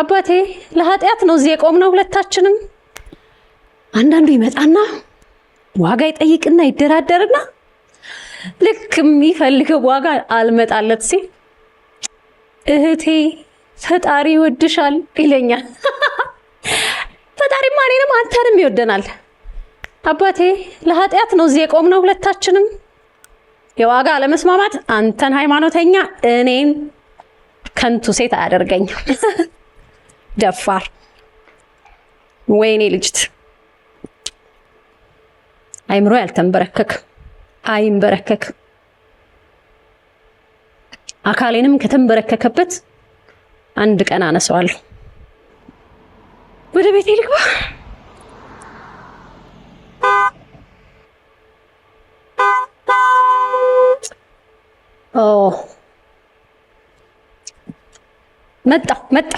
አባቴ ለኃጢአት ነው እዚህ የቆምነው ሁለታችንም። አንዳንዱ ይመጣና ዋጋ ይጠይቅና ይደራደርና ልክ የሚፈልገው ዋጋ አልመጣለት ሲል እህቴ ፈጣሪ ይወድሻል ይለኛል። ፈጣሪማ እኔንም አንተንም ይወደናል። አባቴ ለኃጢአት ነው እዚህ የቆምነው ሁለታችንም። የዋጋ አለመስማማት አንተን ሃይማኖተኛ፣ እኔን ከንቱ ሴት አያደርገኝም። ደፋር ወይኔ ልጅት አይምሮ ያልተንበረከክ አይንበረከክ አካሌንም ከተንበረከከበት አንድ ቀን አነሰዋለሁ። ወደ ቤቴ ልግባ። መጣ መጣ